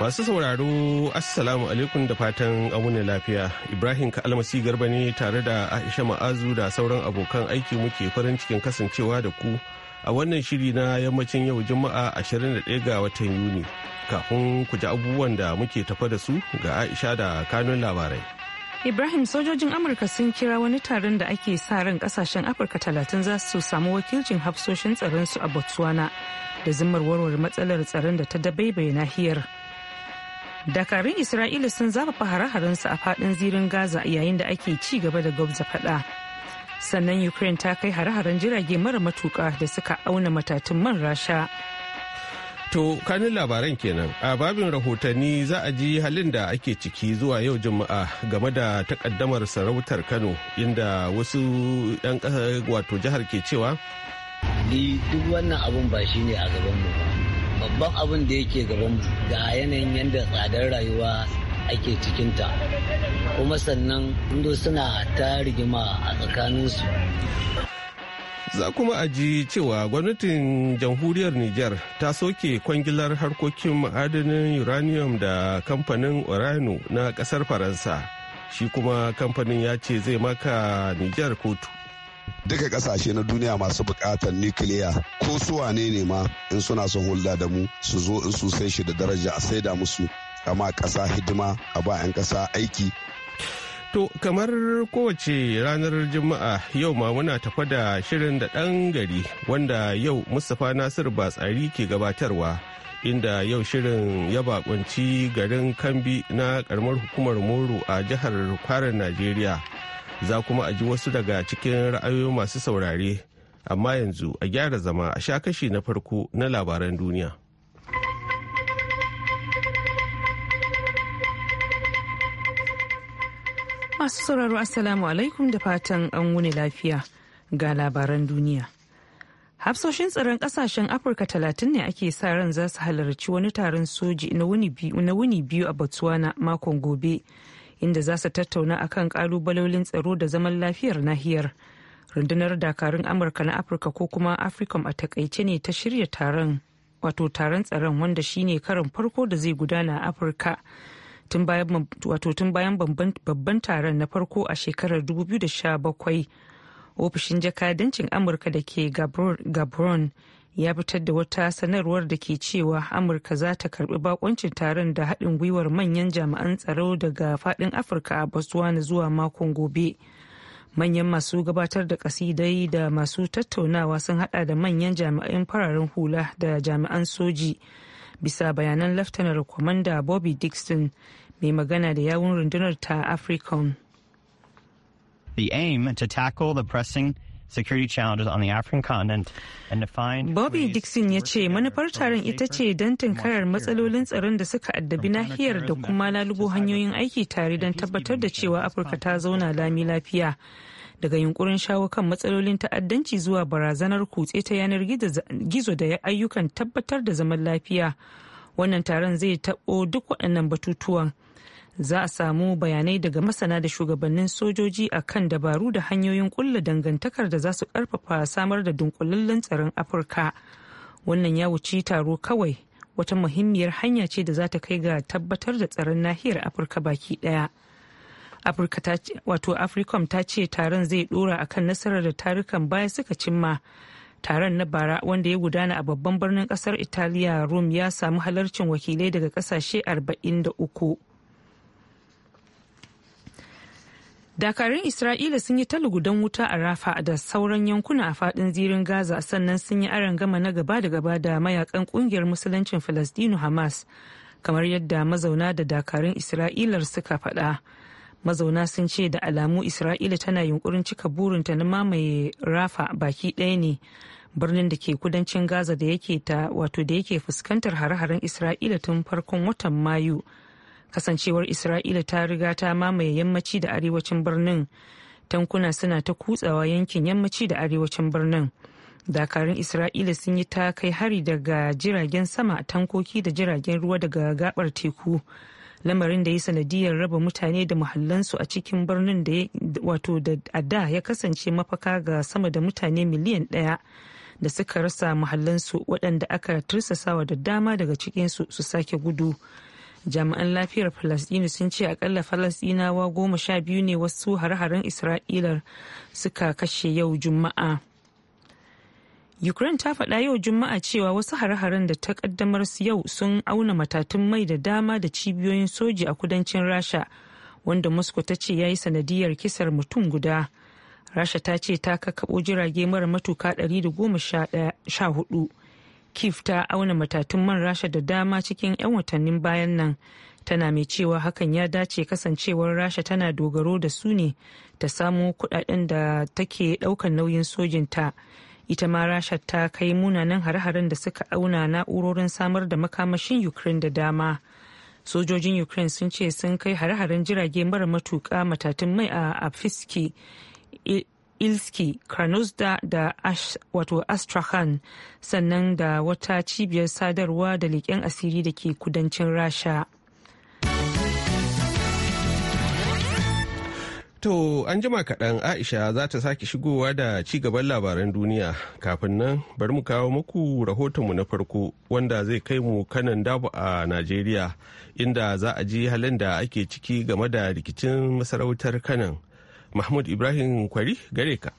Masu sauraro Assalamu alaikum da fatan amuni lafiya. Ibrahim Kalmasi Garba ne tare da Aisha Ma'azu da sauran abokan aiki muke farin cikin kasancewa da ku a wannan shiri na yammacin yau Juma'a 21 ga watan Yuni. Kafin ku ji abubuwan da muke tafa da su ga Aisha da kanun labarai. Ibrahim sojojin Amurka sun kira wani taron da ake sa ran kasashen Afirka talatin za su samu wakilcin hafsoshin tsaron su a Botswana da zimmar warware matsalar tsaron da ta dabaibai nahiyar. dakarun isra'ila sun zafafa hare su a fadin zirin gaza yayin da ake ci gaba da gwamza fada sannan ukraine ta kai hare jirage mara matuka da suka auna matatun man rasha To kanin labaran kenan a babin rahotanni za a ji halin da ake ciki zuwa yau juma'a game da takaddamar sarautar Kano inda wasu 'yan kasar wato jihar ke cewa. duk wannan abun ba shi ne a gabanmu ba. babban abin da yake gaban ga yanayin yadda tsadar rayuwa ake cikinta kuma sannan indo suna ta rigima a tsakaninsu za kuma a ji cewa gwamnatin jamhuriyar niger ta soke kwangilar harkokin ma'adanin uranium da kamfanin orano na kasar faransa shi kuma kamfanin ya ce zai maka niger kotu duka kasashe na duniya masu bukatar nukiliya ko su wane ne ma in suna son hulɗa da mu su zo in su sai shi da daraja a da musu amma kasa hidima a ba 'yan ƙasa aiki To kamar kowace ranar Juma'a yau ma muna tafa da shirin da ɗan gari wanda yau Mustapha Nasir Batsari ke gabatarwa inda yau shirin ya bakunci garin Kambi na karamar hukumar Moro a jihar Kwara Najeriya. za kuma a ji wasu daga cikin ra'ayoyi masu saurare amma yanzu a gyara zama a sha kashi na farko na labaran duniya. Masu sauraro Assalamu alaikum da fatan an wuni lafiya ga labaran duniya. Hafsoshin tsaron kasashen Afirka talatin ne ake sa ran za su halarci wani taron soji na wuni biyu a Botswana makon gobe inda za su tattauna a kan kalubalolin tsaro da zaman lafiyar nahiyar rundunar dakarun amurka na afirka ko kuma africom a takaice ne ta shirya taron wato taron tsaron wanda shine karin farko da zai gudana a afirka tun bayan babban taron na farko a shekarar 2017 ofishin jakadancin amurka da ke gabron ya fitar da wata sanarwar da ke cewa amurka za ta karbi bakoncin taron da haɗin gwiwar manyan jami'an tsaro daga faɗin afirka a botswana zuwa makon gobe manyan masu gabatar da kasidai da masu tattaunawa sun hada da manyan jami'an fararen hula da jami'an soji bisa bayanan laftanar kwamanda bobby dixon mai magana da yawun rundunar ta africom the aim to tackle the pressing security on the African continent and Bobby Dixon ya ce manufar taron ita ce don tunkarar matsalolin tsaron da suka addabi nahiyar da kuma lalubo hanyoyin aiki tare don tabbatar da cewa Afirka ta zauna lami lafiya. daga yunkurin shawo kan matsalolin ta'addanci zuwa barazanar kutse ta yanar gizo da ayyukan tabbatar da zaman lafiya wannan taron zai taɓo duk waɗannan batutuwan. za a samu bayanai daga masana da shugabannin sojoji a kan dabaru da hanyoyin kulla dangantakar da za su karfafa samar da dunkulallen tsaron afirka wannan ya wuci taro kawai wata muhimmiyar hanya ce da za ta kai ga tabbatar da tsaron nahiyar afirka baki daya wato africom ta ce taron zai dora akan nasarar da tarukan baya suka cimma taron na bara wanda ya gudana a babban birnin kasar italiya rome ya samu halarcin wakilai daga kasashe 43 dakarun isra'ila sun yi talugudan wuta a rafa da sauran yankuna a fadin zirin gaza sannan sun yi aron gama na gaba da gaba da mayakan kungiyar musuluncin falastinu hamas kamar yadda mazauna da dakarun isra'ilar suka faɗa mazauna sun ce da alamu isra'ila tana yunkurin cika burinta na mamaye rafa baki ɗaya ne birnin da ke kudancin gaza da yake ta wato da yake fuskantar hare-haren isra'ila tun farkon watan mayu kasancewar isra'ila ta riga ta mamaye yammaci da arewacin birnin tankuna suna ta kutsawa yankin yammaci da arewacin birnin dakarun isra'ila sun yi ta kai hari daga jiragen sama tankoki da jiragen ruwa daga gabar teku lamarin da ya sanadiyar raba mutane da muhallansu a cikin birnin da wato da a ya kasance mafaka ga sama da mutane miliyan daya da suka rasa muhallansu waɗanda aka tursasawa da dama daga cikinsu su sake gudu jami'an lafiyar falasdini sun ce akalla falasdinawa goma sha biyu ne wasu hare-haren isra'ilar suka kashe yau juma'a ukraine ta faɗa yau juma'a cewa wasu hare-haren da ta kaddamar su yau sun auna matatun mai da dama da cibiyoyin soji a kudancin rasha wanda moscow ta ce ya yi sanadiyar kisar mutum guda rasha ta ce ta kakaɓo jirage mara matuka da goma 114 kif ta auna matatun man rasha da dama cikin 'yan watannin bayan nan tana mai cewa hakan ya dace kasancewar rasha tana dogaro da su ne ta samu kudaden da take daukan nauyin sojinta ita ma rasha ta kai munanan hare-haren da suka auna na'urorin samar da makamashin ukraine da dama sojojin ukraine sun ce sun kai hare-haren jirage mara matuka matatun mai a afiski ilski karnuzda da wato astrakhan sannan da wata cibiyar sadarwa da leƙen asiri da ke kudancin rasha To an jima kaɗan Aisha za ta sake shigowa da ci gaban labaran duniya kafin nan bari mu kawo muku rahotonmu na farko wanda zai kai mu kanan dabu a Najeriya inda za a ji halin da ake ciki game da rikicin masarautar kanan Mahmud Ibrahim Kwari gare ka.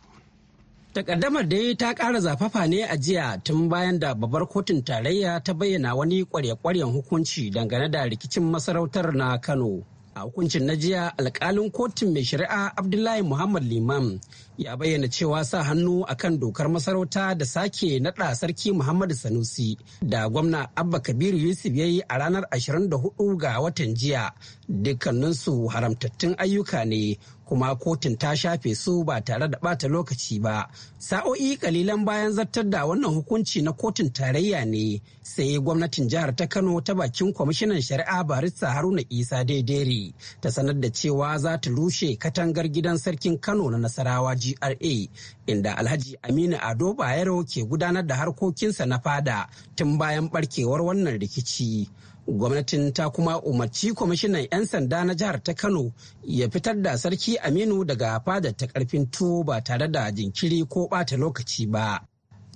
Takaddamar dai ta ƙara zafafa ne a jiya tun bayan da babbar kotun tarayya ta bayyana wani kwarye-kwaryen hukunci dangane da rikicin masarautar na Kano. A hukuncin na jiya alkalin kotun mai shari'a Abdullahi Muhammad Liman ya bayyana cewa sa hannu akan dokar masarauta da sake naɗa sarki Muhammadu Sanusi da gwamna Abba Kabiru Yusuf ya yi a ranar 24 ga watan jiya dukkaninsu haramtattun ayyuka ne kuma kotun ta shafe su ba tare da ɓata lokaci ba sa'o'i kalilan bayan zartar da wannan hukunci na kotun tarayya ne sai gwamnatin jihar ta kano ta bakin kwamishinan shari'a barista haruna isa daidere ta sanar da cewa za ta rushe katangar gidan sarkin kano na nasarawa jiya GRA inda Alhaji Aminu Ado Bayero ke gudanar da harkokinsa na fada tun bayan barkewar wannan rikici. Gwamnatin ta kuma umarci kwamishinan 'yan sanda na jihar ta Kano ya fitar da Sarki Aminu daga fadar ta karfin tuwo ba tare da jinkiri ko bata lokaci ba.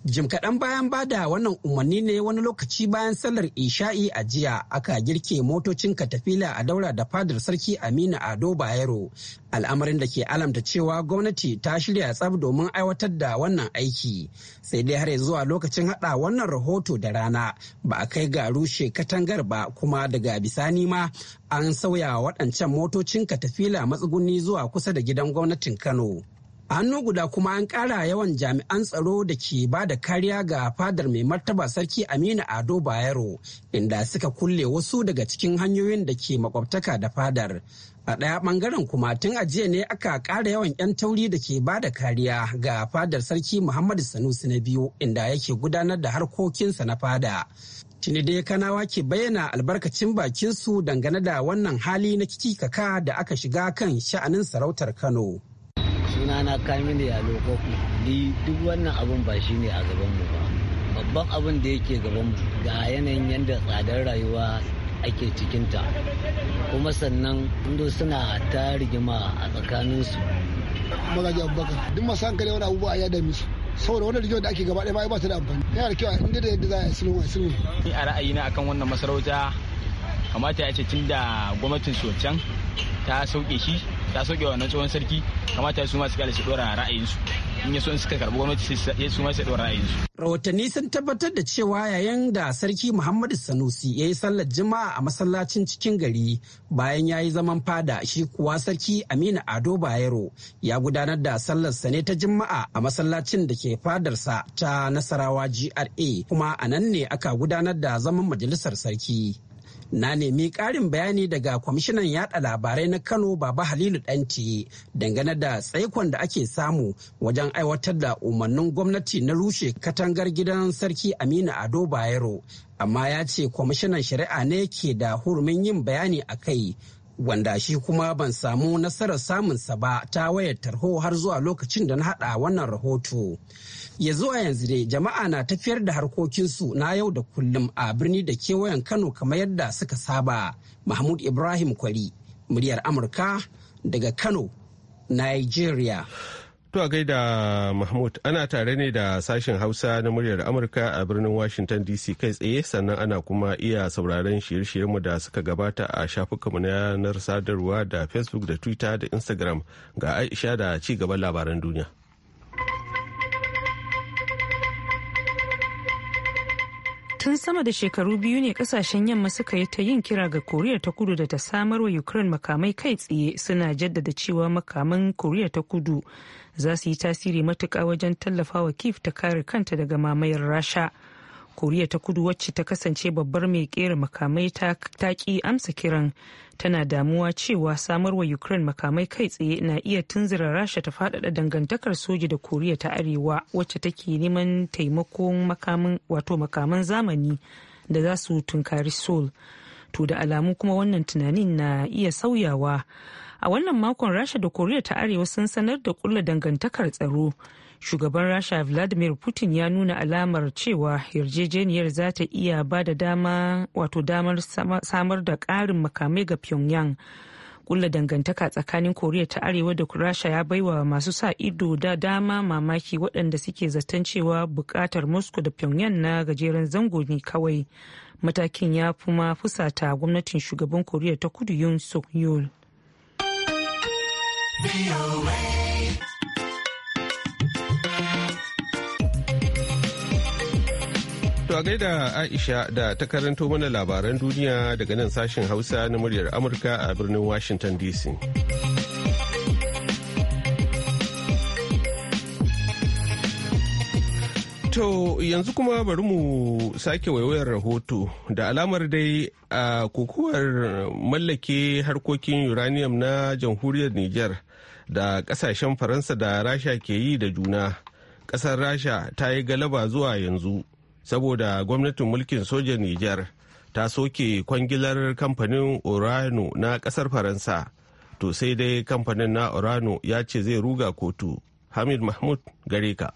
Jim kaɗan bayan bada wannan umarni ne wani lokaci bayan sallar isha'i a jiya aka girke motocin katafila a daura da fadar sarki Aminu Ado Bayero. Al'amarin da ke alamta cewa gwamnati ta shirya tsab domin aiwatar da wannan aiki. Sai dai har zuwa lokacin haɗa wannan rahoto da rana ba a kai ga rushe katangar ba kuma daga bisani ma an sauya waɗancan motocin katafila matsuguni zuwa kusa da gidan gwamnatin Kano. a hannu guda kuma an ƙara yawan jami'an tsaro da ke ba da kariya ga fadar mai martaba sarki aminu ado bayero inda suka kulle wasu daga cikin hanyoyin da ke makwabtaka da fadar a ɗaya ɓangaren kuma tun ajiye ne aka ƙara yawan 'yan tauri da ke ba da kariya ga fadar sarki muhammadu sanusi na biyu inda yake gudanar da harkokinsa na fada Tini dai kanawa ke bayyana albarkacin bakinsu dangane da wannan hali na kikikaka da aka shiga kan sha'anin sarautar Kano. sunana ne a lokaku ni duk wannan abun ba shi ne a gaban mu ba babban abin da yake gaban mu ga yanayin yadda tsadar rayuwa ake cikinta kuma sannan indo suna ta rigima a tsakaninsu magaji abubakar duk masu hankali wani abubuwa ya dami su saboda wani rigimar da ake gaba ɗaya ba ta da amfani yana da kyau inda da yadda za a sulhu a sulhu ni a ra'ayina akan wannan masarauta kamata ya ce tun da gwamnatin socan ta sauke shi ta soke wannan tsohon sarki kamata su masu kyale su dora ra'ayinsu in ya so suka karbi gwamnati sai su masu dora ra'ayinsu. rahotanni sun tabbatar da cewa yayin da sarki muhammadu sanusi ya yi sallar jima'a a masallacin cikin gari bayan ya yi zaman fada shi kuwa sarki aminu ado bayero ya gudanar da sallar sa ne ta jima'a a masallacin da ke fadarsa ta nasarawa gra kuma a nan ne aka gudanar da zaman majalisar sarki na nemi ƙarin bayani daga kwamishinan yada labarai na kano baba halilu danti dangane da tsaikon da ake samu wajen aiwatar da umarnin gwamnati na rushe katangar gidan sarki aminu ado bayero amma ya ce kwamishinan shari'a ne ke da hurumin yin bayani a kai wanda shi kuma ban samu nasarar samunsa ba ta wayar tarho har zuwa lokacin da na haɗa wannan rahoto. ya a yanzu dai jama'a na tafiyar da harkokinsu na yau da kullum a birni da kewayen kano kamar yadda suka saba mahmud ibrahim kwari muryar amurka daga kano nigeria To a gaida Mahmud ana tare ne da sashen Hausa na muryar Amurka a birnin Washington DC kai tsaye sannan ana kuma iya sauraron shirye-shiryenmu da suka gabata a shafukanmu na yanar sadarwa da Facebook da Twitter da Instagram ga Aisha da ci gaban labaran duniya. tun sama da shekaru biyu ne kasashen yamma suka yi ta yin kira ga koriya ta kudu da ta samar wa ukraine makamai kai tsaye suna jaddada cewa makaman koriya ta kudu za su yi tasiri matuka wajen tallafa wa kif ta kare kanta daga mamayar rasha. koriya ta kudu wacce ta kasance babbar mai kera makamai ta ki amsa kiran tana damuwa cewa samarwa ukraine makamai kai tsaye na iya tunzura rasha ta faɗaɗa dangantakar soji da koriya ta arewa wacce take neman taimakon makamin wato makaman zamani da za su tunkari seoul to da alamu kuma wannan tunanin na iya sauyawa a wannan makon rasha da koriya ta arewa sun sanar da kulla dangantakar tsaro shugaban rasha vladimir putin ya nuna alamar cewa yarjejeniyar za ta iya ba da dama wato damar samar da karin makamai ga pyongyang kulla dangantaka tsakanin koriya ta arewa da rasha ya baiwa masu sa ido da dama mamaki waɗanda suke zaton cewa buƙatar moscow da pyongyang na gajeren zango ne kawai matakin ya kuma fusata gwamnatin shugaban koriya ta kudu yun suk To a gaida Aisha da ta karanto mana labaran duniya daga nan sashen Hausa na muryar Amurka a birnin Washington DC. To yanzu kuma bari mu sake waiwayar rahoto da alamar dai a kokowar mallake harkokin uranium na jamhuriyar Nijar da kasashen Faransa da Rasha ke yi da juna. Kasar Rasha ta yi galaba zuwa yanzu. saboda gwamnatin mulkin sojan Nijar ta soke kwangilar kamfanin Orano na kasar Faransa. To sai dai kamfanin na Orano ya ce zai ruga kotu. Hamid Mahmud gare ka.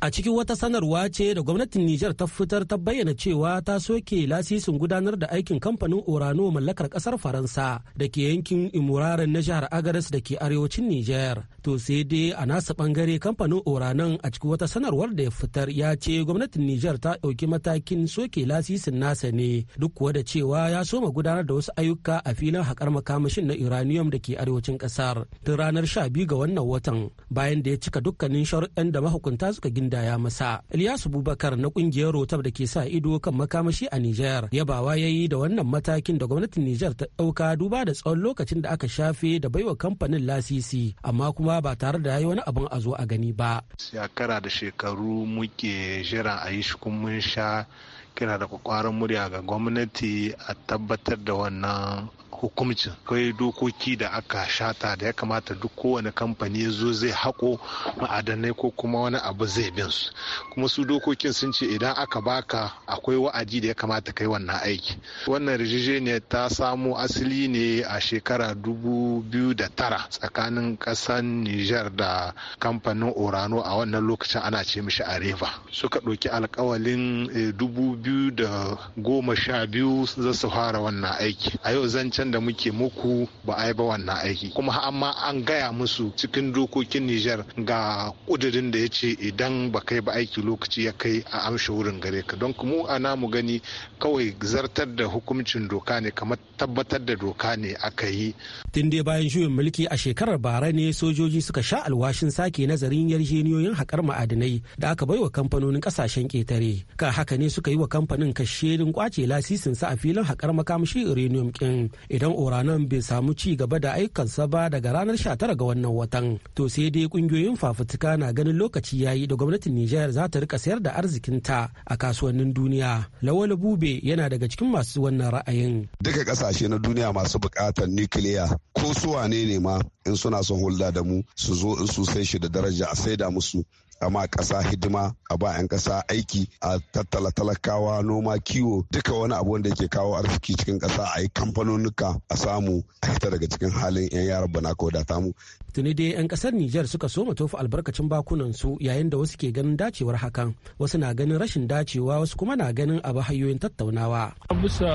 A cikin wata sanarwa ce da gwamnatin Nijar ta fitar ta bayyana cewa ta soke lasisin gudanar da aikin kamfanin Orano mallakar kasar Faransa da ke yankin Imuraren na jihar Agares da ke arewacin Nijar. To sai dai a nasa bangare kamfanin Oranon a cikin wata sanarwar da ya fitar ya ce gwamnatin Nijar ta ɗauki matakin soke lasisin nasa ne duk kuwa da cewa ya soma gudanar da wasu ayyuka a filin haƙar makamashin na Uranium da ke arewacin ƙasar tun ranar 12 ga wannan watan bayan da ya cika dukkanin sharuɗan da mahukunta suka gina da ya masa Ilyasu Bubakar na kungiyar Rotab da ke sa ido kan makamashi a Nijar yabawa yayi da wannan matakin da gwamnatin Nijar ta ɗauka duba da tsawon lokacin da aka shafe da baiwa kamfanin lasisi amma kuma ba tare da yayi wani abin a zo a gani ba shekara da shekaru muke jira a yi shi sha kira da kwakwaran murya ga gwamnati a tabbatar da wannan hukumcin akwai dokoki da aka shata da ya kamata duk kowane kamfani ya zo zai haƙo ma'adanai ko kuma wani abu zai bin su kuma su dokokin sun ce idan aka baka akwai wa'adi da ya kamata kai wannan aiki wannan ne ta samo asali ne a shekara dubu biyu da tara tsakanin ƙasar niger da kamfanin orano a wannan lokacin ana ce mishi areva suka ɗauki alkawalin eh, dubu biyu da goma sha biyu za su fara wannan aiki a yau zan zancen da muke muku ba a yi ba wannan aiki kuma amma an gaya musu cikin dokokin Nijar ga kudurin da ya ce idan ba kai ba aiki lokaci ya kai a amshe wurin gare ka don mu a namu gani kawai zartar da hukuncin doka ne kamar tabbatar da doka ne aka yi. Tun dai bayan juyin mulki a shekarar bara ne sojoji suka sha alwashin sake nazarin yarjeniyoyin haƙar ma'adinai da aka baiwa kamfanonin kasashen ketare Ka haka ne suka yi wa kamfanin rin kwace lasisin sa a filin haƙar makamashi uranium kin idan oranan bai samu ci gaba da aikansa ba daga ranar 19 ga wannan watan to sai dai kungiyoyin fafutuka na ganin lokaci ya yi da gwamnatin Nijar za ta rika sayar da arzikinta a kasuwannin duniya lawal bube yana daga cikin masu wannan ra'ayin duka kasashe na duniya masu bukatar nukiliya ko su wane ne ma in suna son hulɗa da mu su zo in su sai shi da daraja a saida musu a ma ƙasa hidima a ba 'yan ƙasa aiki a tattala talakawa noma kiwo duka wani abu wanda yake kawo arziki cikin kasa a yi kamfanonuka a samu a hita daga cikin halin 'yan yaran bana ko da tamu tuni dai 'yan kasar Nijar suka soma tofa albarkacin bakunan su yayin da wasu ke ganin dacewar hakan wasu na ganin rashin dacewa wasu kuma na ganin abu hanyoyin tattaunawa. Bisa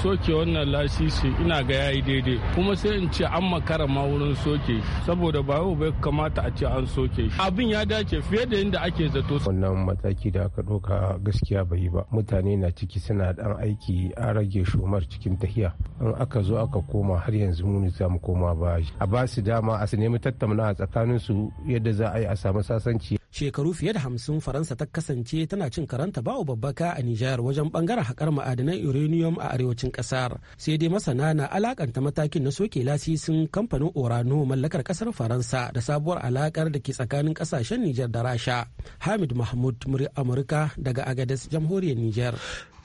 soke wannan lasisi ina ga yayi daidai kuma sai in ce an makara ma wurin soke saboda ba yau bai kamata a ce an soke abin ya dace fiye da yadda ake zato. Wannan mataki da aka ɗauka gaskiya bai yi ba mutane na ciki suna dan aiki a rage shomar cikin tahiya in aka zo aka koma har yanzu mu za mu koma ba a ba su dama a su nemi tattauna tsakanin su yadda za a yi a samu sasanci shekaru fiye da hamsin faransa ta kasance tana cin karanta bawo babbaka a nijar wajen bangaren haƙar ma'adinan uranium a arewacin ƙasar sai dai masana na alakanta matakin na soke lasisin kamfanin orano mallakar ƙasar faransa da sabuwar alakar da ke tsakanin ƙasashen nijar da rasha hamid mahmud muri amurka daga agadas jamhuriyar nijar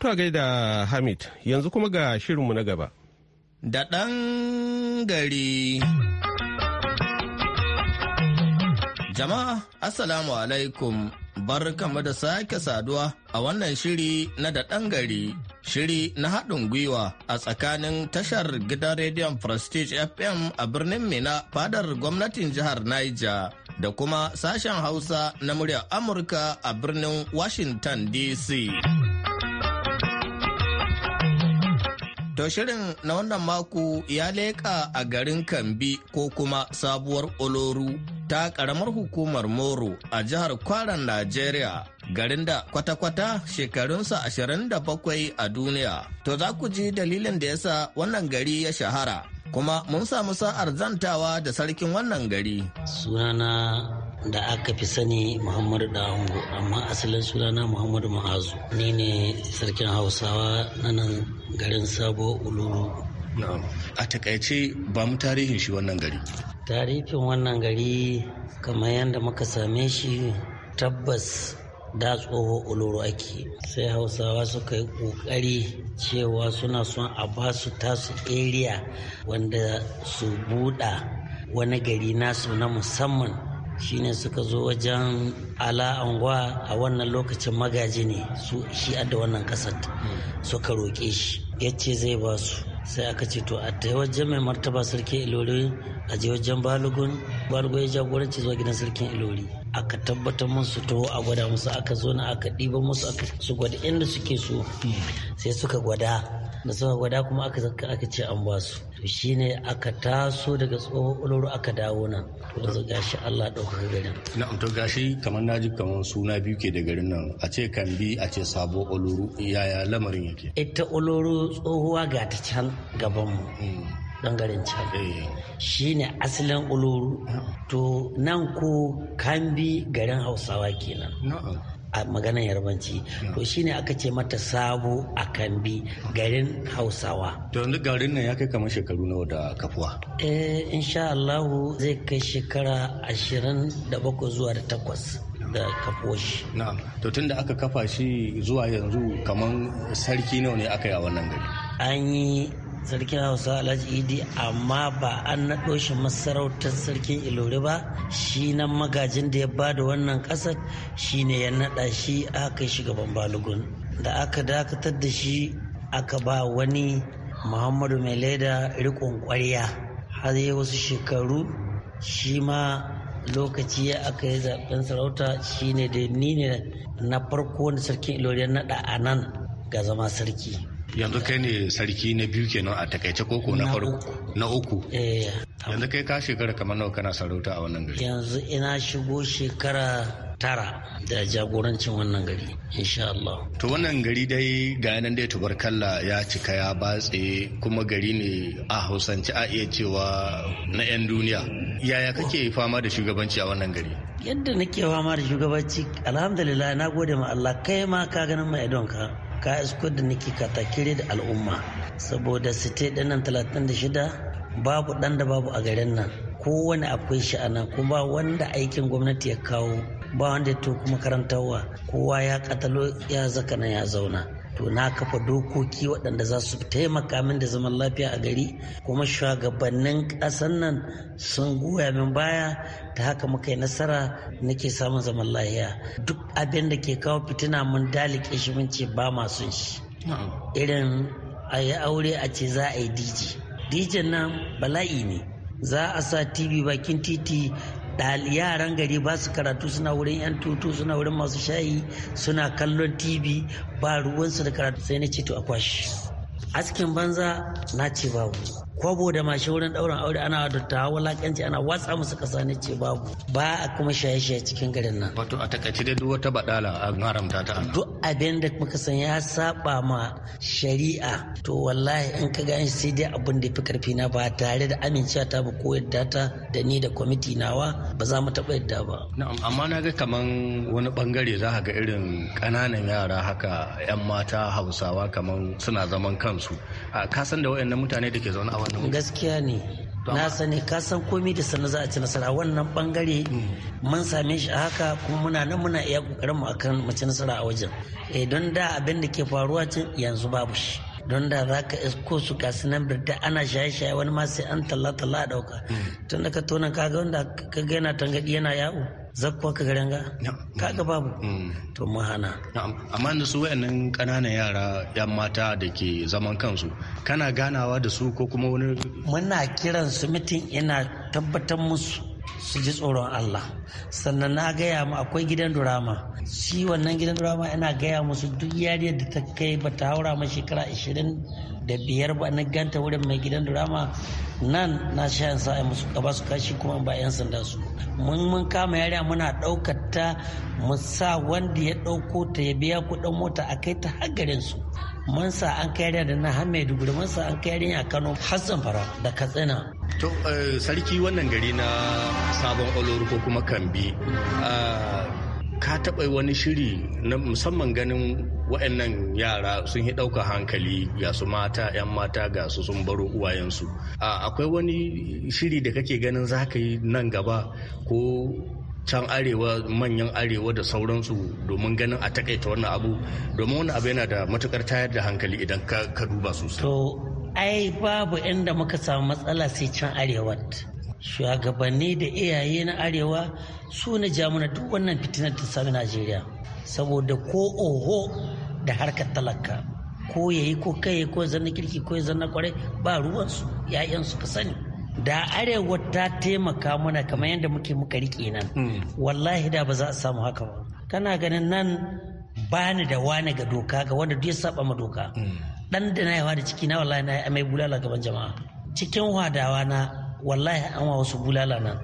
to a gaida hamid yanzu kuma ga shirinmu na gaba da ɗan gari Jama'a, Assalamu alaikum, bar kama da sake saduwa a wannan shiri na da ɗan gari, shiri na haɗin gwiwa a tsakanin tashar gidan rediyon Prestige FM a birnin Mina fadar gwamnatin jihar Niger da kuma sashen Hausa na muryar Amurka a birnin Washington DC. To shirin na wannan mako ya leƙa a garin Kambi ko kuma sabuwar Oloru ta ƙaramar hukumar Moro a jihar Kwaran Najeriya. Garin da kwata-kwata shekarunsa 27 a duniya. To za ku ji dalilin da yasa wannan gari ya shahara. Kuma mun samu sa'ar zantawa da sarkin wannan gari. Sunana da aka fi sani Muhammadu dahungu amma asalin sunana Muhammadu Mahazu ni ne sarkin Hausawa na nan garin Sabo Uluru. A takaice ba mu tarihin shi wannan gari. Tarihin wannan gari kamar yadda muka same shi tabbas da tsoho uluru ake sai hausawa suka yi kokari cewa suna son a ba su tasu area wanda su buɗa wani gari nasu na musamman shine suka zo wajen ala anguwa a wannan lokacin magaji ne su shi adda wannan kasar suka roƙe shi ya ce zai ba su sai aka ce to a ta wajen mai martaba sarki ilori a je wajen balugun balugun ya jagoranci zuwa gidan sarkin ilori aka tabbatar musu to a gwada musu aka zo na aka ɗiba musu aka su gwada inda suke so hmm. sai suka gwada da suka gwada kuma aka zaka aka ce an ba su to shine aka taso daga tsohon uluru aka dawo nan to yanzu gashi Allah dauka garin na'am to gashi kamar naji kamar suna biyu ke da garin nan a ce kambi a ce sabo uluru yaya lamarin yake ita uluru tsohuwa ga ta can gaban mu hmm. garin can eh. shi ne asalin uluru to nan ko kambi garin hausawa kenan a maganar yarbanci to shine aka ce mata sabo a kambi garin hausawa to yanzu garin nan ya kai kamar shekaru nawa da kafuwa eh insha Allah zai kai shekara 27 zuwa da takwas da kafuwa shi na'am to tunda aka kafa shi zuwa yanzu kamar sarki nawa ne aka yi a wannan gari an yi sarkin hausa alhaji idi amma ba an naɗo shi masarautar sarkin ilori ba shi nan magajin da ya bada wannan ƙasar shi ne ya naɗa shi aka yi shugaban balugun da aka dakatar da shi aka ba wani muhammadu mai leda riƙon ƙwarya har yi wasu shekaru shi ma lokaci ya aka yi zaɓen sarauta shi ne da ni ne na farko wanda sarkin ilori ya naɗa a nan ga zama sarki yanzu kai ne sarki na biyu kenan a takaice koko na farko na uku eh. yanzu kai ka shekara kamar nawa kana sarauta a wannan gari yanzu ina shigo shekara tara da jagorancin wannan gari insha Allah to wannan gari dai ga nan dai tubarkalla ya cika ya batse kuma gari ne a hausance a iya cewa na 'yan duniya yaya kake fama da shugabanci a wannan gari yadda nake fama da shugabanci alhamdulillah na gode ma Allah kai ma ka ganin mai ka ka isko da nake katakire da al'umma saboda site ɗinnan shida babu ɗan da babu a garin nan kowane akwai sha'ana kuma wanda aikin gwamnati ya kawo ba wanda ya to kuma karantarwa kowa ya katalo ya zaka nan ya zauna to na kafa dokoki waɗanda za su taimaka min da zaman lafiya a gari kuma shugabannin ƙasar nan sun goya min baya ta haka muka yi nasara nake samun zaman lafiya duk abin da ke kawo fitina mun dalike shi mun ce ba masu son shi irin a yi aure a ce za a yi dj dj nan bala'i ne za a sa tv bakin titi yaran gari ba su karatu suna wurin 'yan tutu suna wurin masu shayi suna kallon tv ba ruwansu da karatu sai na ce to a kwashi askin banza na ce babu kwabo da mashi wurin ɗaurin aure ana dattawa wulakanci ana watsa musu ƙasa ne ce babu ba a kuma shaye-shaye cikin garin nan. Wato a takaice dai duk wata badala a haramta ta. Duk abin da muka san ya saba ma shari'a to wallahi in ka gani sai dai abin da fi karfi na ba tare da amincewa ta ba ko yadda ta da ni da kwamiti nawa ba za mu taɓa yadda ba. Amma na ga kaman wani bangare za ka ga irin ƙananan yara haka 'yan mata hausawa kaman suna zaman kansu. Ka san da waɗannan mutane da ke zaune a gaskiya ne na sani ka san komai da sana za a ci nasara wannan bangare mm. mun same shi a haka kuma muna nan muna iya kokarin mu akan mu nasara a wajen eh don da abin da ke faruwa yanzu babu shi don da za ka isko su kasu nan birta ana shaye-shaye wani ma sai an talla-talla a ɗauka tun da ka tona ga wanda ka ga yana tangaɗi yana yawo zakkuwa ka ga Ka ga babu mm. to mu hana amma da su wayannan ƙananan yara yan mata da ke zaman kansu kana ganawa da su ko kuma wani muna kiran su mutum ina tabbatar musu su ji tsoron Allah sannan na gaya mu akwai gidan durama shi wannan gidan durama yana gaya musu duk yariyar da ta kai ba ta haura ma shekara ashirin da biyar ba na ganta wurin mai gidan durama nan na sha in sa'a musu gaba su kashi kuma ba yan sanda su mun mun kama yariya muna ɗaukar ta mu sa wanda ya ɗauko ta ya biya kuɗin mota a kai ta har su mun sa an kai da na hamedu maiduguri mun sa an kai yarinya a kano Hassan fara da katsina To eh, sarki wannan gari na sabon olori ko kuma kambi eh, ka taɓa wani shiri na musamman ganin wa'annan yara sun yi ɗauka hankali ga su mata 'yan mata ga su sun baro uwayensu akwai wani shiri da kake ganin za ka yi nan gaba ko can arewa manyan arewa da sauransu domin ganin a takaita wannan abu domin wani abu yana da matukar tayar da hankali idan ka duba sosai. ai babu inda muka samu matsala sai can arewa shugabanni da iyaye na arewa su na jamuna duk wannan fitinar ta sami najeriya saboda ko oho da harkar talaka ko ya yi ko kai ko zanna kirki ko zanna kwarai ba ruwansu yayansu ka sani da arewa ta taimaka mana kamar yadda muke muka riƙe nan hmm. wallahi da ba za a samu haka ba kana ganin nan bani da wani ga doka ga wanda duk ya saba ma doka hmm. dan da na yawa da ciki na wallahi na amai bulala gaban jama'a cikin wadawa na wallahi an wa wasu bulala nan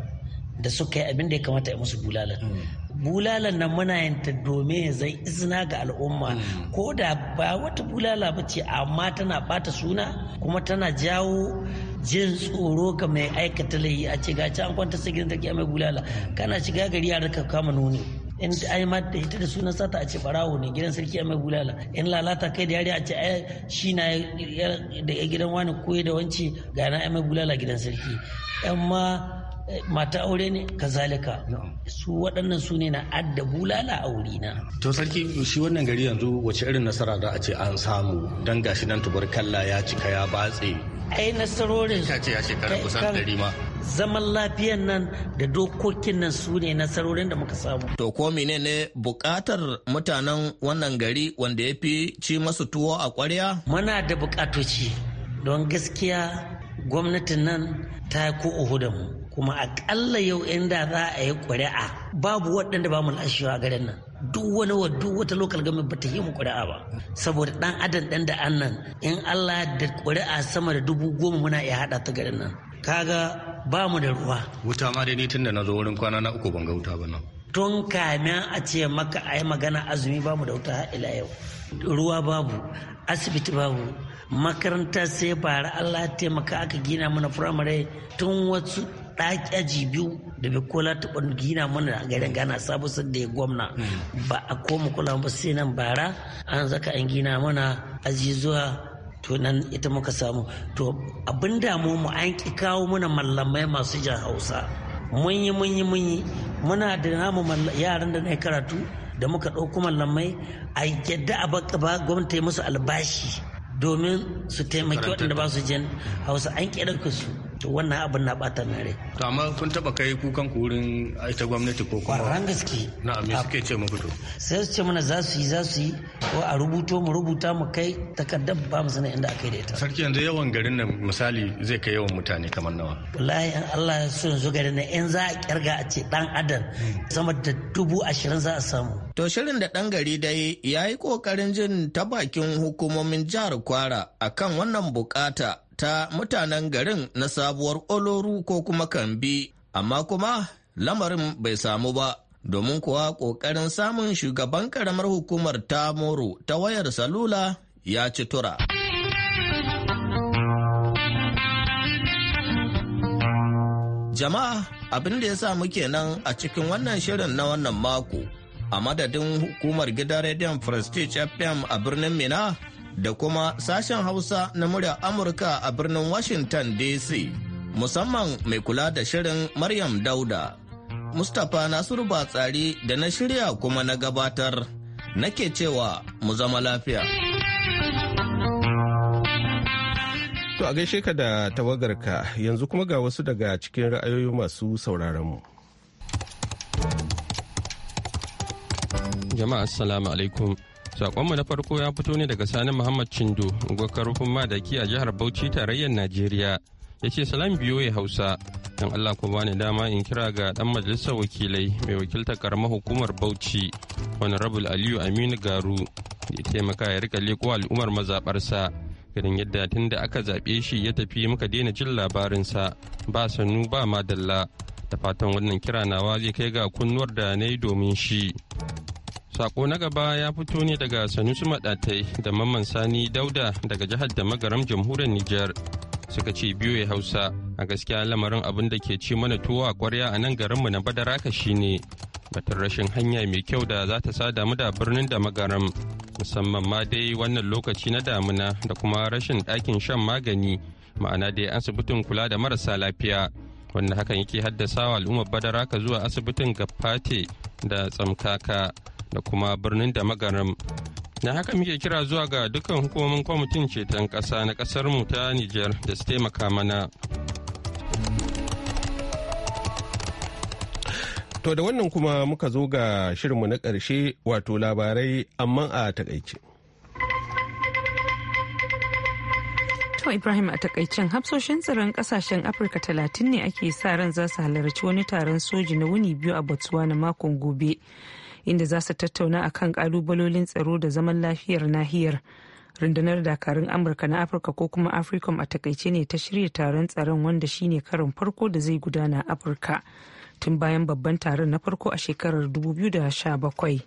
da suka yi abin da ya kamata ya musu bulala mm. bulalan nan muna yin ta domin ya zai izina ga al'umma mm. ko da ba wata bulala ba ce amma tana bata suna kuma tana jawo jin tsoro ga mai aikata laifi a ce gaci an kwanta sigirin da ke mai bulala mm. kana shiga gari yara ka kama nuni in ai ma da ita da sunan sata a ce barawo ne gidan sarki amai bulala in lalata kai da yari a ce ai shi na da gidan wani koyi da wanci ga na amai bulala gidan sarki amma eh, mata aure ne kazalika su waɗannan su ne na adda bulala a na to sarki shi wannan gari yanzu wace irin nasara za a ce an samu dan gashi nan tubarkalla ya cika ya batse ai nasarorin zaman lafiyan nan da dokokin nan su ne nasarorin da muka samu. To ko ne bukatar mutanen wannan gari wanda ya fi ci masu tuwo a kwarya? Muna da bukatoci don gaskiya gwamnatin nan ta ko uhudan mu. kuma aƙalla yau inda za a yi ƙuri'a babu waɗanda ba mu lashewa a garin nan duk wani wa duk wata lokal game ba ta yi mu ƙuri'a ba saboda ɗan adam ɗan da annan in Allah da ƙuri'a sama da dubu goma muna iya haɗa ta garin nan kaga ba mu da ruwa wuta ma dai ni tun da na zo wurin kwana na uku ban ga wuta ba nan tun kamin a ce maka a yi magana azumi mu da wuta ila yau ruwa babu asibiti babu makaranta sai fara allah taimaka aka gina mana firamare tun wasu ɗaki aji biyu da bai kola ta gina mana a garin gana sabu da ya gwamna hmm. ba a koma kula ba sai nan bara an zaka an gina mana aji zuwa to nan ita muka samu to abin damu mu an ki kawo mana mallamai masu jan hausa mun yi mun yi mun yi muna da namu yaran da na karatu da muka ɗauko mallamai a yadda a baka ba gwamnati musu albashi domin su taimaki waɗanda ba su jan hausa an ƙi su to wannan abin na bata na rai to amma kun taba kai kukan ku wurin ita gwamnati ko kuma ran gaske na me suke ce muku to sai su ce mana za su yi za su yi ko a rubuto mu rubuta mu kai takardar ba mu sanin inda akai da ita sarki yanzu yawan garin nan misali zai kai yawan mutane kamar nawa wallahi in Allah ya so yanzu garin nan in za a kirga a ce dan adam sama da dubu ashirin za a samu to shirin da dan gari dai yayi kokarin jin ta bakin hukumomin jihar Kwara akan wannan bukata ta mutanen garin na sabuwar oloru ko kuma kambi amma kuma lamarin bai samu ba domin kuwa ƙoƙarin samun shugaban ƙaramar hukumar ta moro ta wayar salula ya ci tura. Jama'a abin da ya sa muke nan a cikin wannan shirin na wannan mako a madadin hukumar gidan rediyon Prestige FM a birnin Mina da kuma sashen Hausa na murya Amurka a birnin Washington DC, musamman mai kula da shirin Maryam Dauda. Mustapha Nasiru Batsari da na shirya kuma na gabatar, nake cewa mu zama lafiya. To a gaishe ka da tawagarka yanzu kuma ga wasu daga cikin ra'ayoyi masu sauraronmu. Jama'a Assalamu alaikum. Sakonmu na farko ya fito ne daga Sani Muhammad Chindo, gwakar ma da a jihar Bauchi tarayyar Najeriya. Ya ce salam ya Hausa, don Allah ku bani dama in kira ga dan majalisar wakilai mai wakiltar karamar hukumar Bauchi, rabul Aliyu Aminu Garu, da taimaka ya rika leko al'ummar mazaɓarsa. Ganin yadda tun da aka zaɓe shi ya tafi muka daina jin labarinsa ba sannu ba madalla. Da fatan wannan kira nawa zai kai ga kunnuwar da na yi domin shi. Sako na gaba ya fito ne daga Sanusi Maɗatai da Mamman Sani Dauda daga jihar da magaram jamhuriyar Nijar. Suka ce biyu Hausa a gaskiya lamarin abin da ke ci mana tuwo kwarya a nan garinmu na Badaraka shine batun rashin hanya mai kyau da za ta sada mu da birnin da magaram musamman ma dai wannan lokaci na damuna da kuma rashin ɗakin shan magani ma'ana dai asibitin kula da marasa lafiya wanda hakan yake haddasa wa al'ummar badaraka zuwa asibitin gafate da tsamkaka da kuma birnin da magaram na haka muke kira zuwa ga dukkan hukumomin kwamitin ceton ƙasa na kasar mu ta nijar da su taimaka mana to da wannan kuma muka zo ga shirinmu na ƙarshe wato labarai amma a takaice. To Ibrahim a takaicen hafsoshin tsaron kasashen Afirka talatin ne ake sa ran za su halarci wani taron soji na wuni biyu a Botswana makon gobe. inda za su tattauna a kan kalubalolin tsaro da zaman lafiyar nahiyar rundunar dakarun amurka na afirka ko kuma africom a takaice ne ta shirya taron tsaron wanda shine karin farko da zai gudana afirka tun bayan babban taron na farko a shekarar 2017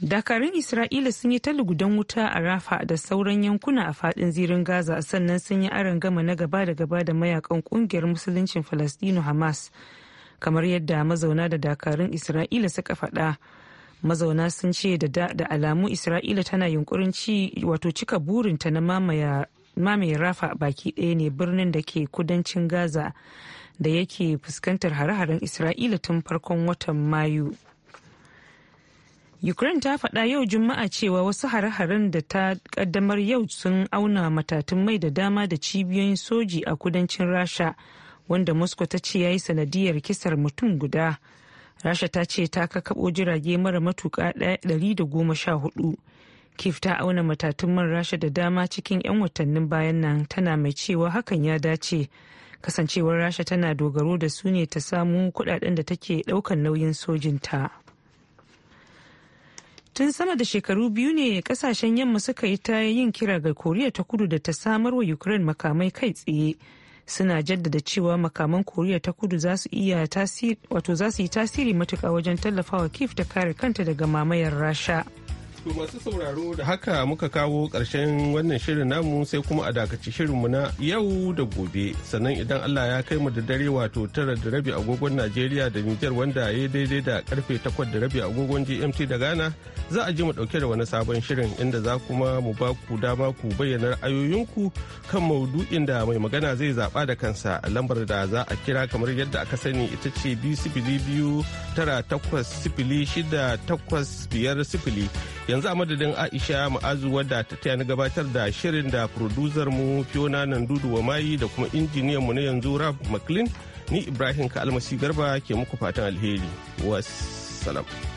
dakarun isra'ila sun yi ta lugudan wuta a rafa da sauran yankuna a fadin zirin gaza sannan sun yi aron gama na gaba da gaba da mayakan kungiyar musuluncin falastinu hamas kamar yadda mazauna da dakarun isra'ila suka faɗa mazauna sun ce da alamu isra'ila tana yunkurin ci wato cika burinta na mamaye rafa baki ɗaya ne birnin da ke kudancin gaza da yake fuskantar hare-haren isra'ila tun farkon watan mayu ukraine ta faɗa yau juma'a cewa wasu hare-haren da ta kaddamar yau sun auna matatun mai da dama da cibiyoyin soji a kudancin rasha wanda moscow ta ce ya yi sanadiyar kisar mutum guda rasha ta ce ta kakabo jirage mara matuka 114 kif ta auna matatun man rasha da dama cikin 'yan watannin bayan nan tana mai cewa hakan ya dace kasancewar rasha tana dogaro da su ne ta samu kudaden da take daukan nauyin sojinta tun sama da shekaru biyu ne kasashen yamma suka yi ta yin kira ga koriya ta kudu da ta samar wa ukraine makamai kai tsaye suna jaddada cewa makaman koriya ta kudu za su yi tasiri matuka wajen tallafawa kif ta kare kanta daga mamayar rasha. To masu sauraro da haka muka kawo ƙarshen wannan shirin namu sai kuma a dakaci shirinmu na yau da gobe. Sannan idan Allah ya kai mu da dare wato tara da rabi agogon Najeriya da Nijar wanda ya daidai da karfe takwas da rabi agogon GMT da Ghana za a ji mu ɗauke da wani sabon shirin inda za kuma mu ba ku dama ku bayyana ra'ayoyinku kan maudu'in da mai magana zai zaɓa da kansa lambar da za a kira kamar yadda aka sani ita ce biyu sifili biyu tara takwas sifili shida takwas biyar sifili. yanzu a madadin aisha ma'azu wadda ta taya ni gabatar da shirin da producer mu fiona nan dudu mayi da kuma injiniyan mu na yanzu rab mclean ni ibrahim ka almasi garba ke muku fatan alheri wasalam.